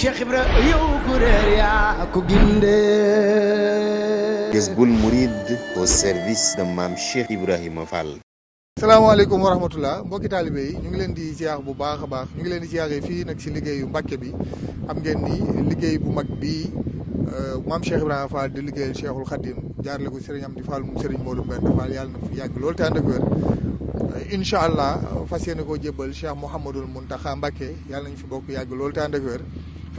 Cheikh Ibra yow kuréel yaa ko gindee. Jazboul Mouride au service de maam Cheikh Ibrahima Fall. salaamaaleykum wa rahmatullah mbokki taalibe yi ñu ngi leen di ziar bu baax a baax ñu ngi leen di ziaree fii nag si liggéeyu Mbàkke bi xam ngeen ni liggéey bu mag bii maam Cheikh Ibrahima Fall di liggéeyal Cheikhul Khadim jaarale ko Serigne Amdi Fall moom Serigne Modou Mbène Fall yàlla na fi yàgg loolu te ànd ak wér incha allah fas yéene koo jébbal Cheikh Mouhamadul Mountakha Mbacké yàlla nañu fi bokk yàgg loolu te ànd ak wér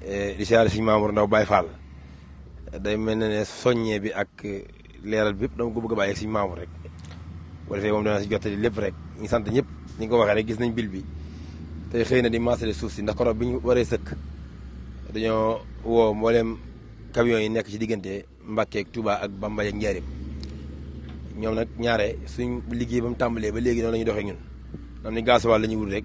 Eh, di siyaare suñu Mamour Ndaw Baye Fall day mel ne ne soññee bi ak eh, leeral bi yëpp dama ko bëgg a bàyyi suñu Mamour rek bu defee moom dana si jottali lépp rek ñu sant ñëpp ni nga ko waxee rek gis nañ bil bi te xëy na di maasale suuf si ndax korop bi ñu waree sëkk dañoo woo mbooleem camion yi nekk ci diggante mbakkeek tubaa ak Bambey ak Njaaréem ñoom nag ñaare suñ liggéey ba mu tàmbalee ba léegi noonu la ñuy doxee ñun xam ni gasoil la ñuy wut rek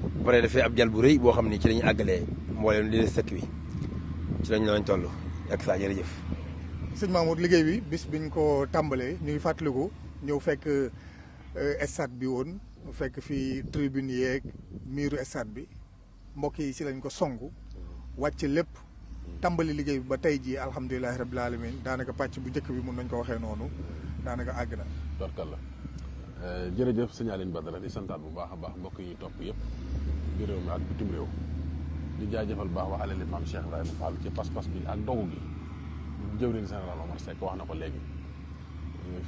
bare paree dafay ab jal bu reuy bo xamni ci lañu agalé mbooleem li des sëkk bi ci lañu lañ tollu ak sa jere jërëjëf. seigne Mamour liggéey wi bis biñ ko tambalé ñuy fatlu ko ñëw fekk eh, stade bi won fekk fi tribune yek miru stade bi mbokk yi ci lañ ko songu wacc lepp tàmbali liggéey bi ba tay ji alhamdullilah rabbil alamin danaka patch bu njëkk bi mu nañ ko waxee noonu daanaka àgg na. jere eh, jërëjëf seigne Aline Badara di santat bu baax baax mbokk yi top yëpp bi réew mi ak bitim réew di jaajëfal baax wax alali maam Cheikh ibrahim Fall ci pas-pas bi ak dogu gi jëwriñ général Omar Seck wax na ko léegi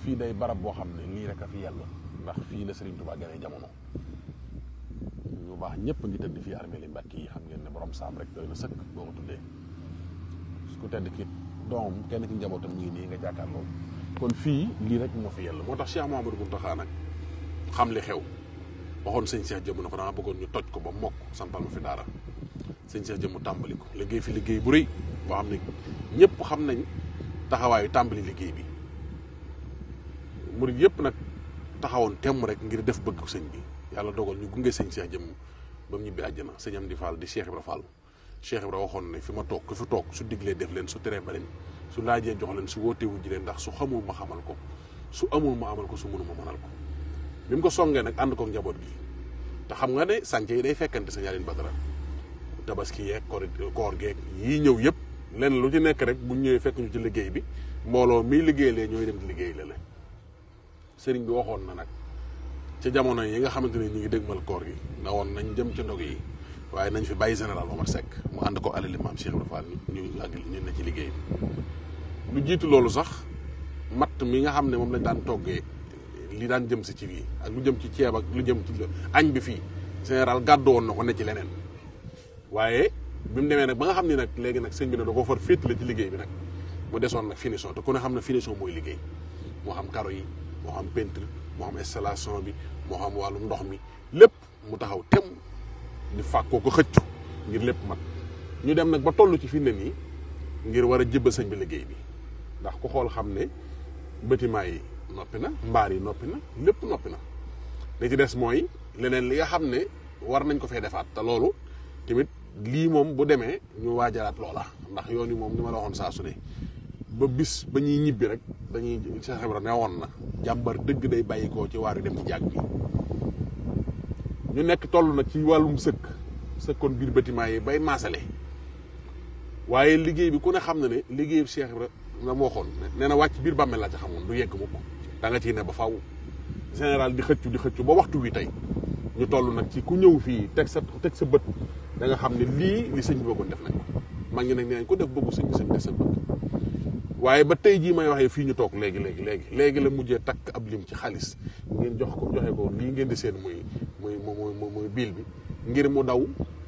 fii day barab boo xam ne lii rek a fi yàlla ndax fii la Serigne Touba gënee jamono ñu baax ñëpp ngi tëdd fii armée li mbàkk yi xam ngeen ne borom saam rek doy na sëkk boo ko tuddee ko tedd ki doom kenn ki njabootam ñu ngi nii nga jàkkaarloo kon fii lii rek moo fi yàlla moo tax Cheikh Mouhamadou Mountakha nag xam li xew waxon sëñ cheikh jëmm nako ko dama bëggon ñu toj ko ba mokk sampal ma fi dara sëñ cheikh jëmm tambali ko liggey fi liggey bu reuy bo xam ñepp ñëpp xam nañ taxawaayu bi mourid yëpp nak taxawon tem rek ngir def bëgg sëñ bi yalla dogal ñu gungé sëñ cheikh jëmm bam mu ñibbi àjjana sëñ am di di Cheikh Ibra Fall Cheikh Ibra waxon ne fi ma tok fi tok su diglé def len su téré balen su laajee jox len su wóotee wujj ndax su xamul ma xamal ko su amul ma amal ko su ma manal ko bi mu ko songee nag ànd ko njaboot gi te xam nga ne sànce yi day fekkante sa ñaarin Badara tabaski yeeg koor koor geeg yii ñëw yëpp lenn lu ci nekk rek bu ñëwee fekk ñu ci liggéey bi mbooloo miy liggéey lee ñooy dem di liggéey la sëriñ bi waxoon na nag ci jamono yi nga xamante ne ñu ngi mal koor gi na woon nañ jëm ci ndog yi waaye nañ fi bàyyi général Omar Seck mu ànd ko alali maam Cheikh Ibra Fall ñu àgg ñu ne ci liggéey bi lu jiitu loolu sax matt mi nga xam ne moom lañ daan toggee li daan jëm si ci lii ak lu jëm ci ceeb ak lu jëm ci añ bi fii général gàddu woon na ko ne ci leneen waaye bi mu demee nag ba nga xam ne nag léegi nag sëñ bi ne da ko far féetale ci liggéey bi nag mu desoon nag finition te ku ne xam ne finition mooy liggéey moo xam karo yi moo xam peinture moo xam installation bi moo xam wàllu ndox mi lépp mu taxaw tem di fàkkoo ko xëccu ngir lépp mat ñu dem nag ba tollu ci fi ne nii ngir war a jëbba sëñ bi liggéey bi ndax ku xool xam ne bâtiment yi noppi na mbaar yi noppi na lépp noppi na li ci des mooy leneen li nga xam ne war nañ ko fay defaat te loolu tamit lii moom bu demee ñu waajalaat loola ndax yoon yi moom ni ma la waxoon saa su ne ba bis ba ñuy ñibbi rek dañuy Cheikh Ibra ne woon na jàmbar dëgg day bàyyikoo ci waar yu dem ci jàgg bi ñu nekk toll nag ci wàllum sëkk sëkkoon biir bâtiment yi bay maasale waaye liggéey bi ku ne xam na ne liggéeyu Cheikh Ibra la mu waxoon nee na wàcc biir bàmmeel laa ci xamoon du yegg mukk da nga ci ne ba faaw général di xëccu di xëccu ba waxtu wi tey ñu tollu nak ci ku ñëw fi teg sa teg sa bët da nga xamni li li sëñ bi bëggoon def nañ ko mag ñi nak neñ ko def bëggu sëñ bi sëñ def seen bët waaye ba tay ji may waxe fi ñu tok léegi léegi léegi léegi la mujjé tak ab lim ci xaliss ngeen jox ko joxé ko li ngeen di seen muy muy muy muy biil bi ngir mu daw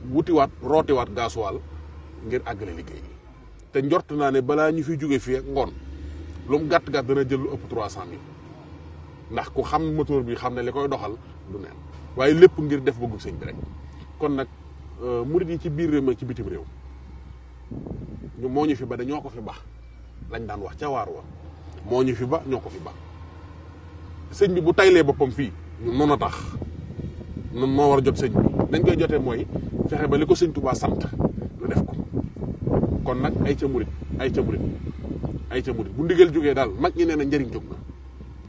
wutiwaat wat gaasuwaal ngir àggale liggéey bi te njort naa né bala ñu fi juggé fi ak ngoon lu gatt gàtt dana jël lu ëpp 300000 ndax ku xam motoor bi xam ne li koy doxal lu neen waaye lépp ngir def bëggug sëñ bi rek kon nag euh, murit yi ci biir réew ma ci bitim réew ñu moo ñu fi ba dañoo ko fi bax lañ daan wax ca moo ñu fi ba ñoo ko fi ba sëñ bu taylee boppam fii ñun a tax nun moo war jot sëñ dañ koy jotee mooy fexe ba li ko sëñ Tuubaa sant lu def ko kon nag ay ca murit ay ca murit ay ca murit bu ndigal jógee daal mag ñi nee na njëriñ jóg na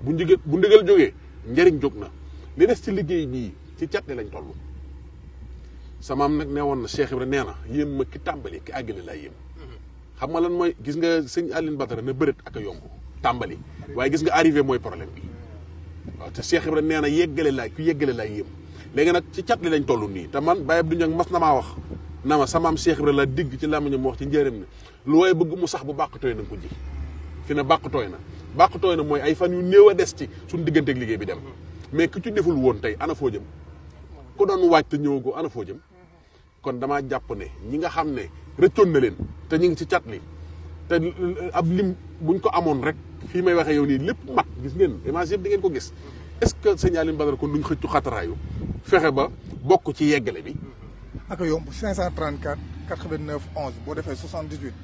bu ndigal joge ndigal jogna njariñ jóg li des ci liggey bi ci cat lañ toll samaam nak newon na cheikh ibrahim neena yem ma ki tambali ki agali la yem xam nga lan moy gis nga seigne Aline Batara na bëreet ak yomb tambali waye gis nga arrivé moy problème bi te cheikh ibrahim neena yeggale la ku yeggale la yem legi nak ci cat lañ tollu ni te man baye duñ ak mas na maa wax na ma samaam cheikh ibrahim la dig ci làmmiñam wax ci njëriñ ni lu way bëgg mu sax bu bàq na ko ji fi ne bàq na bàq tooy na mooy ay fan yu néew a des ci suñu digganteeg liggéey bi dem mais ku ci deful woon tey ana foo jëm ku doon waaj te ñëwagoo ana foo jëm kon damaa jàpp ne ñi nga xam ne rëccoon na leen te ñu ngi ci cat li te ab lim buñ ko amoon rek fii may waxee yow nii lépp mat gis ngeen image yëpp di ngeen ko gis est-ce que ko Alioune Badara kon duñ xëccu xataraayu fexe ba bokk ci yeggale bi. ak yomb 534. 89 11 boo defee 78.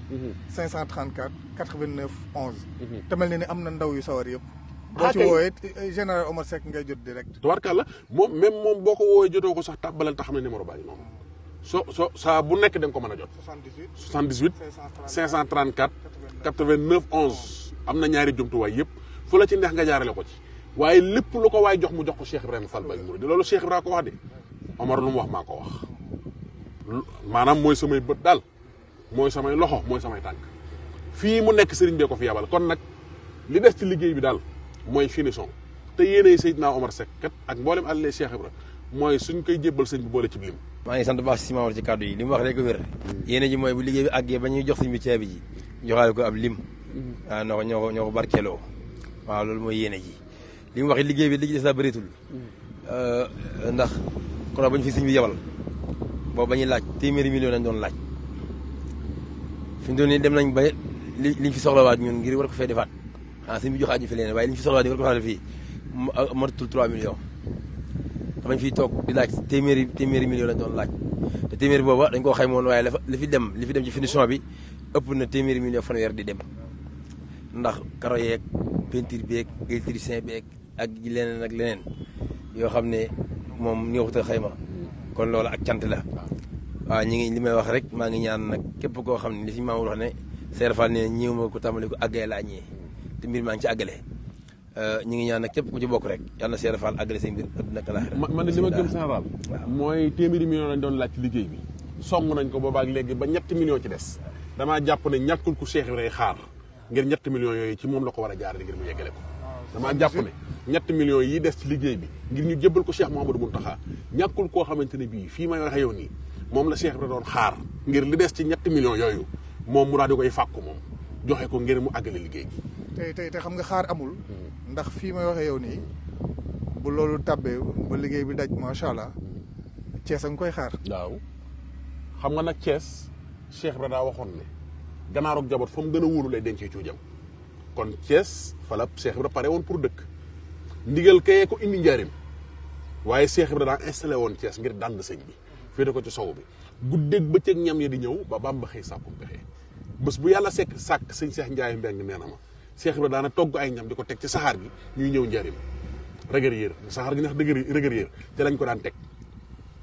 534 89 11. te ni am na ndaw yu sawar yëpp. boo ah, ci woowee eh, général Omar Seck ngay jot direct. tubarkalla moom même moom boo ko woowee jotoo ko sax tàbbalal te xam ne numéro baa ngi noonu. so so saa bu nekk da ko mën a jot. 78 78. 534 89 11. am na ñaari jumtuwaay yëpp fu la ci neex nga jaarale ko ci. waaye lépp lu ko waay jox mu jox ko Cheikh Ibrahima Fall Baye Mouride loolu Cheikh Ibrahima ko wax de Omar lu mu wax maa ko wax. maanaam mooy samay bët daal mooy samay loxo mooy samay tànk fii mu nekk sëriñ bee ko fi yabal kon nag li des ci liggéey bi daal mooy finition te yéenay naa Omar Seck kat ak mboolem àllee Cheikh Ibra mooy suñ koy jébbal sëñ bi boole ci lim. maa ngi sant baax si Maodo ci kàddu yi li mu wax rek wér. yéene ji mooy bu liggéey bi àggee ba ñuy jox sëñ bi ceeb ji joxaale ko ab lim. waaw ah, ñoo ko ñoo ko ñoo ko barkeeloo waaw loolu mooy yéene ji li mu wax liggéey bi li ci des mm. euh, ndax kon ba ñu fi bi yabal. boobu ba ñuy laaj téeméeri million lañ doon laaj fi mu doon nii dem nañ ba li liñ fi soxlawaat ñun ngir war fee defaat xanaa ah, suñ bi joxaat ñu fi leen waaye liñ fi soxlawaat war ko fee fii matul ah, 3 millions fiy toog di laaj téeméeri téeméeri million lañ doon laaj te téeméeri booba dañ ko xayma woon waaye lafi dem li fi dem ci finition bi ëpp na téeméeri million fanweer di dem ndax karo yeeg peinture beeg électricien beeg ak leneen ak leneen yoo xam ne moom ñëwutal xayma kon loolu ak cant la waaw ñu ngi li may wax rek maa ngi ñaan nag képp koo xam ne li si maamul wax ne Seer Faal ne ñëw ma ko tàmbali ko àggale laa ñëwee te mbir maa ngi ci àggale euh, ñi ngi ñaan képp ku ci bokk rek yal na Seer Faal àggale seen mbir ëpp nag ma gëm Seer Faal mooy téeméeri million lañ doon laaj ci liggéey bi song nañ ko boobaak léegi ba ñetti million ci des damaa jàpp ne ñàkkul ku seex Ibrahima xaar ngir ñetti millions yooyu ci moom la ko war a jaarale ngir mu yeggale ko damaa jàpp ne ñetti millions yi des ci liggéey bi ngir ñu jébbal ko Cheikh Mouhamadou Mountakha ñàkkul koo xamante ne bii fii may waxee yoon nii moom la Cheikh Ibra doon xaar ngir li des ci ñetti million yooyu moom mu daal di koy fàkku moom joxe ko ngir mu àggale liggéey gi. tey tey te xam nga xaar amul. Hmm. ndax fii may waxee yow nii bu loolu tàbbee ba liggéey bi daj macha allah Thiès a nga koy xaar. waaw xam nga nag Thiès Cheikh Ibra daa waxoon ne ganaar ak jaboot fa mu gën a wóolu lay dencee cuujam kon cees fa la Cheikh Ibra pare woon pour dëkk ndigal kayee ko indi njaarim waaye Cheikh Ibra daa installé woon Thiès ngir dànd sëñ féete ko ci sow bi ba bëccëg ñam ya di ñëw ba Bàmba xëy sàkkum pexe bu yàlla sekk sàkk sëñ Seex Njaay Mbeng nee na ma Seex Ibra daana togg ay ñam di ko teg ci saxaar gi ñuy ñëw njariñ rëgër yër saxaar gi ndax dëgër rëgër yër lañ ko daan teg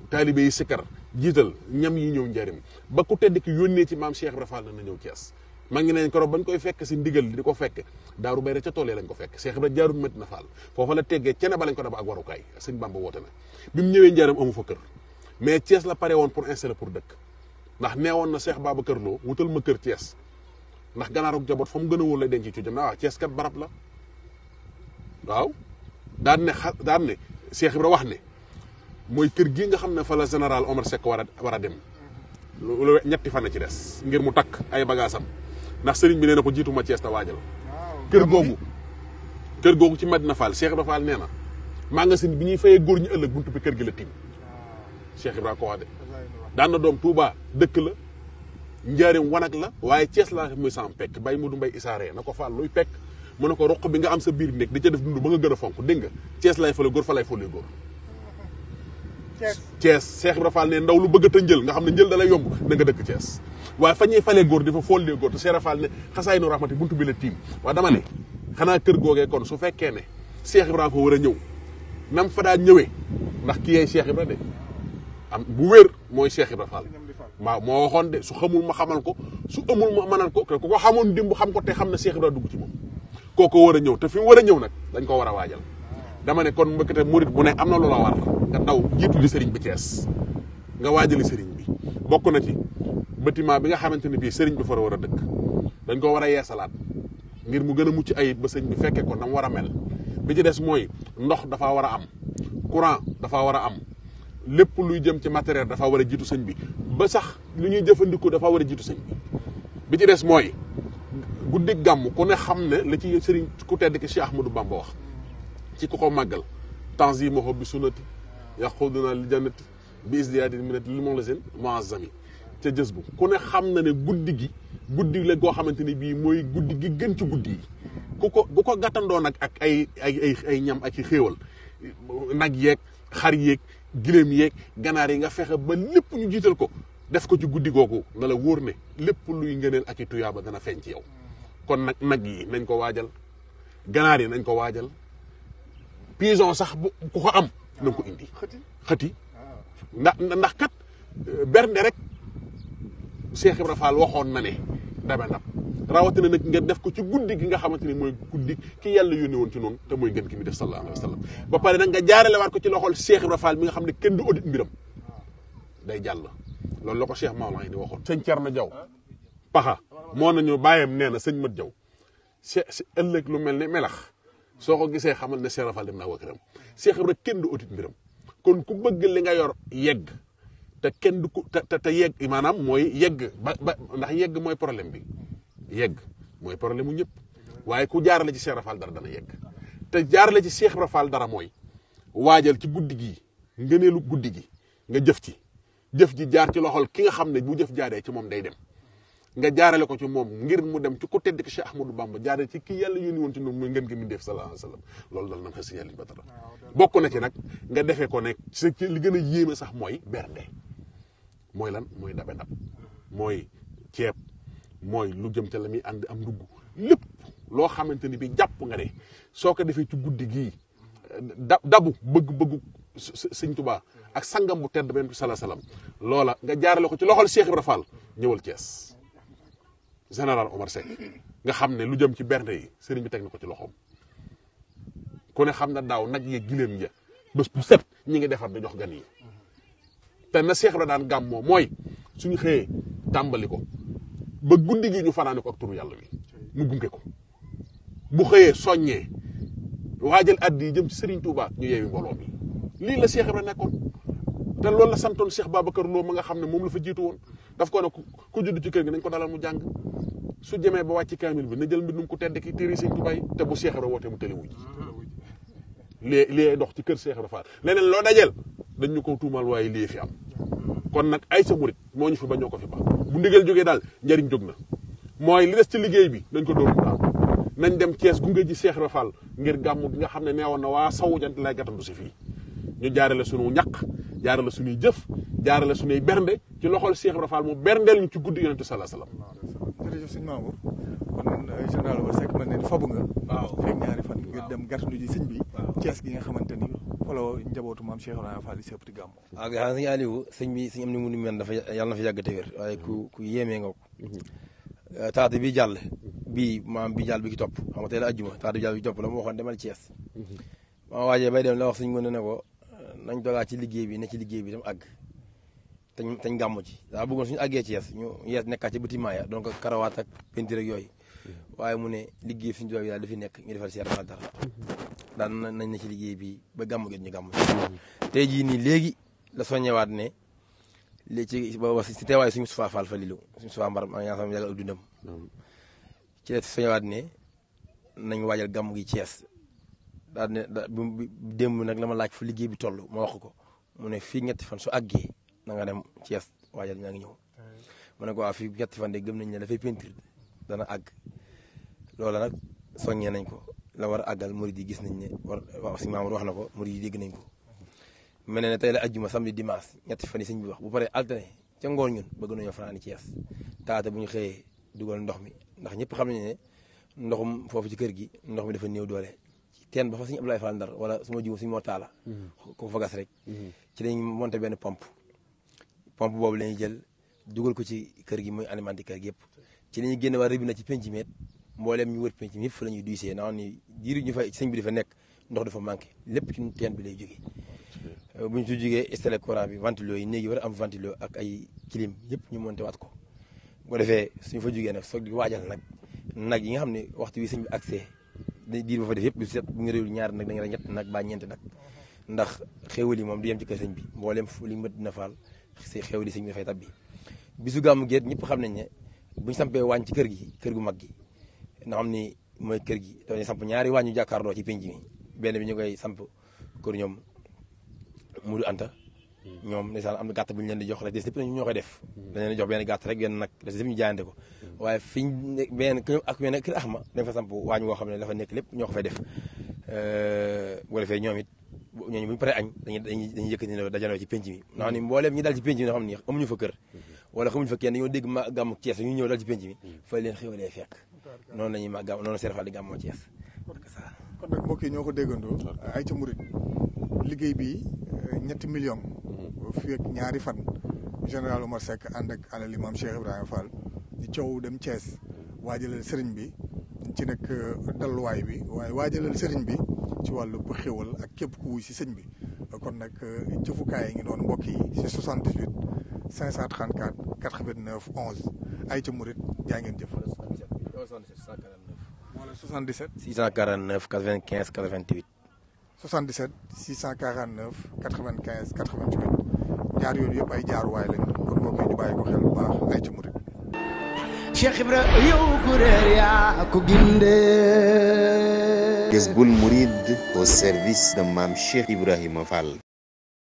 taalibe yi sikkar jiital ñam yi ñëw njariñ ba ku tedd ki yónnee ci maam Seex Ibra Faal na ñëw Cees maa ngi neen keroog bañ koy fekk si ndigal li di ko fekk daaru bay rek ca tool yi lañ ko fekk Seex Ibra jaarul Medina Fall foofa la tegee cene ba lañ ko daba ak warukaay sëñ Bàmba woote na bi mu ñëwee njarim amu fa kër mais Thiès la pare woon pour installer pour dëkk ndax nee woon na Cheikh Babacar Lo wutal ma kër Thiès ndax ganaar ak jaboot fa mu gën a wóor lay denc ci jëm ah Thiès kat barab la waaw daan ne xa daan ne Cheikh Ibra wax ne mooy kër gii nga xam ne fa la général Omar Seck war a war a dem lu ñetti fan ci des ngir mu takk ay bagaasam ndax sëriñ bi nee na ko jiituma Thiès ta waajal kër googu kër googu ci Medina Fall Cheikh Ibra Fall nee na magasin bi ñuy fayee góor ñi ëllëg buntu bi kër gi la tiim cheikh ibra ko wax de na touba dëkk la ndiarim wanak la waaye ties la muy sam pek bay mu du mbay isaaree na ko luy pek mu rokk bi nga am sa bir nek di ca def dund ba nga gën a fonk dégg nga cees lay fale góor fa lay fale góor ties Cheikh Ibra ne ndaw lu bëgg ta ndjel nga xamne ndjel da lay yomb da nga dëkk ties waaye fa ñuy falee góor di fa foolee góor Cheikh Ibra ne xasaay rahmatu buntu bi le tim wa dama ne xana kër googee kon su fekkee ne Cheikh Ibra ko wara ñew nam fa da ñewé ndax ki ay Cheikh Ibra de am bu wér mooy Cheikh Ibra Fall waaw de su xamul ma xamal ko su amul ma mënal ko ku ko xamoon dimb xam ko te xam na Cheikh Ibra dugg ci moom kooko war a ñëw te fi mu war a ñëw nag dañ ko war a waajal dama ne kon mbëkkate murit bu ne am na loola war nga daw jiitu sëriñ bi Thiès nga waajali sëriñ bi bokk na ci bâtiment bi nga xamante ne bii sëriñ bi fa war a dëkk dañ ko war a yeesalaat ngir mu gën a mucc ayib ba sëñ bi fekkee ko na mu war a mel bi ci des mooy ndox dafa war a am courant dafa war a am lépp luy jëm ci matériel dafa war a jiitu sëñ bi ba sax lu ñuy jëfandikoo dafa war a jiitu sëñ bi bi ci des mooy guddi gàmm ku ne xam ne la ci sëriñ ku tedd ki Cheikh Ahmadou Bamba wax ci ku ko màggal temps yi ma ko bi sunati yaquduna li jannati bi isdiyaati minati li moom la seen moazami ca jës bu ku ne xam na ne guddi gi guddi la goo xamante ni bii mooy guddi gi gën ci guddi yi ko bu ko gàttandoo nag ak ay ay ñam ak i xéewal nag yeeg xar yeeg giléem yeeg ganaar yi nga fexe ba lépp ñu jiital ko def ko ci guddi googu na la wóor ne lépp luy ngëneel ak i tuyaaba dana feeñ ci yow kon nag nag yi nañ ko waajal ganaar yi nañ ko waajal pigeon sax bu ku ko am na ko indi xëti ndax ndax kat euh, bernde rek Cheikh Ibra waxoon na ne dabe ndab rawatina nag nga def ko ci guddi gi nga xamante ni mooy guddi ki yàlla yónni woon ci noonu te mooy gën ki mi def sallallahu alayhi wa sallam ba pare nag nga jaarelewaat ko ci loxol Cheikh Ibra Fall mi xam ne kenn du audit mbiram day jàll loolu loo ko Cheikh Maola di waxoon. sëñ Thierno Diaw paxa moo nañu bàyyam nee na sëñ Mat Diaw se ëllëg lu mel ni melax soo ko gisee xamal ne Cheikh Ibra Fall dem naa waa këram Cheikh Ibra kenn du audit mbiram kon ku bëgg li nga yor yegg. te kenn du ko te te maanaam mooy yegg ndax yegg mooy problème bi yegg mooy problème mu ñëpp waaye ku jaarale ci Cheikh Rafal dara dana yegg te jaar ci Cheikh Rafal dara mooy waajal ci guddi gi ngëneelu guddi gi nga jëf ci jëf ji jaar ci loxol ki nga xam ne bu jëf jaaree ci moom day dem nga jaarale ko ci moom ngir mu dem ci ku tedd ki Cheikh Ahmadou Bamba jaaree ci kii yàlla yónni woon ci noonu muy ngën gi mindeef sallallahu alayhi wa sallam loolu dal nan xasi yàlla batara bokk na ci nag nga defee ko nekk ci li gën a yéeme sax mooy bernde lan mooy dabe ndab mooy ceeb Moy, lu jëm ca la and am ndugg lepp lo xamanteni ni bi japp nga ne soko ci guddi dabu bëgg bëgg seigne touba ak sangam bu tedd sallallahu alayhi salam loola nga jaaralé ko ci loxol Cheikh Ibra Fall ñëwal Thiès général Omar Seck nga hamne, lu jëm ci bernde yi sëriñ bi tek na ko ci loxom ku ne xam na daaw nag ye gilem ja ya, bés bu set ñi ngi defar di jox gan yi te na Cheikh gam suñu tambaliko ba guddi gi ñu fanaane ko ak turu yàlla wi mu gunge ko bu xëyee soññee waajal addi yi jëm ci Serigne Touba ñu yeewi mbooloo mi lii la Cheikh Ibra nekkoon te loolu la santoon Cheikh kër Lo ma nga xam ne moom la fa jiitu woon daf ko ne ku judd ci kër gi dañ ko dalal mu jàng su jëmee ba wàcc kaamil bi na jël mbindum ku tedd ki téere Serigne Touba te bu Cheikh Ibra wootee mu tëliwuj lii lii dox ci kër Cheikh Ibra Fall leneen loo dajeel dañ ñu ko tuumal waaye lii fi am kon nag ay sa murit moo ñu fi ba ñoo ko fi ba bu ndigal jógee daal njariñ jóg na mooy li des ci liggéey bi nañ ko dóor mu daal nañ dem Thiès gunge ji Cheikh Ibra Fall ngir gàmmu gi nga xam ne neewoon na waa sawu jant lay gàttandu si fii ñu la sunu ñaq jaarale sunuy jëf la sunuy bernde ci loxol Cheikh Ibra Fall mu berndeel ñu ci guddi yonente salaa salaam jërëjëf sëñ Mamour kon général Seck man ne fabu nga waaw fekk ñaari fan ngir dem gàttandu ji sëñ bi Thiès gi nga xamante naka la njabootu maam si ëppati gàmm. waaw xam nga sëñ Aliou sëñ bi sëñ am na mu mel dafa yàlla na fa yàgg te wér waaye ku ku nga ko. Mm-hmm. Euh, bi jàll bii maam bi jàll bi ki topp xam nga tey la ajjuma taata bi ma waxoon demal Thiès. Mm-hmm. maa waajee bay dem la wax suñ mën ne ko nañ dogaa ci liggéey bi ne ci liggéey bi tam àgg tañ tañ gàmm ci daa bëggoon suñu àggee Thiès ñu yees nekkaat ci bâtiment ya donc karawaat ak peinture ak yooyu mm-hmm. waaye mu ne liggéey suñu doole bi daal dafi nekk ñu defal seer dara dan nañ na ci liggéey bi ba gamu gën ñu gamu tay ji ni léegi la waat ne li ci ba wax ci teewaay suñu sufa fal falilu suñu sufa mbar maa ngi sama yàggal dundam ci la waat ne nañ wajal gamu gi ciess daal ne bu dem nak lama laaj fu liggéey bi tollu mo wax ko mu ne fi ñetti fan su àggee na nga dem ciess wajal nga ngi ñëw mu ne ko fi ñetti fan de gëm nañ ne fay peinture dana ag lola nak soññee nañ ko la war a àggal gis nañ ne war wax si maam wax na ko murid yi dégg nañ ko mel ne ne tey la ajjuma samedi dimanche ñetti fan yi sëñ bi wax bu paree altine ca ngoon ñun bëgg nañoo fanaani Cees taata bu ñu xëyee dugal ndox mi ndax ñëpp xam nañ ne ndoxum foofu ci kër gi ndox mi dafa néew doole ci teen ba fa suñu Ablaye Fall Ndar wala suma jiw suñu mortaala mm-hmm. ko fa gas rek mm-hmm. ci lañ monté benn pomp pompe boobu la jël dugal ko ci kër gi muy alimenté kër gi yëpp ci la ñuy génne waa rëbbi na ci penc mbooleem ñu wër penc mi yëpp fa la ñuy duisee naa ni jiiru ñu fa sëñ bi dafa nekk ndox dafa manqué lépp ci teen bi lay jógee euh, bu ñu si jógee installé courant bi ventilo yi néegi war am ventilo ak ay clim yëpp ñu monté waat ko bu defee suñu fa jógee nag soog di waajal nag nag yi nga xam ne waxtu wi sëñ bi accès diir ba fa yëpp du set bu nga réewul ñaari nag da nga nag baa nag mhm. ndax xéewal yi moom du yem ci kër sëñ bi mbooleem li mët na faal si xéewal yi sëñ bi dafay tabbi ñëpp xam nañ ne buñu sampee waañ ci kër gi kër gu mag gi nga xam ni mooy kër gi dañuy samp ñaari wàññu jàkkaarloo ci penc mi benn bi ñu koy samp kër ñoom Mudu Anta ñoom ndeysaan am na gàtt bu ñu leen di jox rek des lépp nañu ñoo koy def dañ leen di jox benn gàtt rek nag des lépp ñu jaayante ko waaye fiñ benn kër ak benn kër axma dañ fa samp waañ woo xam ne dafa nekk lépp ñoo ko fay def bu defee ñoom it ñooñu bu ñu paree añ dañuy dañuy yëkkati ne dajaloo ci penc mi naa xam ne amuñu fa kër wala xamuñu fa ñëw dal ci penc mi fa leen fekk noonu la ñuy mag noonu la Serigne Fall kon nag mbokk yi ñoo ko déggandoo. ay ca murit liggéey bi euh, ñetti million. Mhm. fii ñaari fan. général Omar Seck ànd ak alali maam Cheikh Ibrahima Fall. di coow dem Thiès. Mhm. waajalal sëriñ bi. ci nag euh, dalluwaay bi waaye waajalal sëriñ bi ci wàllu bu xéwal ak képp ku wuy si sëñ bi kon nag euh, jëfukaay yi ngi doon mbokk yi si 78 534 89 11 ay ca murit jaa ngeen jëf. 77 wala 77. 649 95 88. 77 649 95 88 ñaar yooyu yëpp ay jaaruwaay lañu kon mbokk yi ñu ko xel bu baax ay ci murit. Cheikh Ibra yow ku réer yaa ko gindee. Jazboul Mouride au service de Mame Cheikh Ibrahima Fall.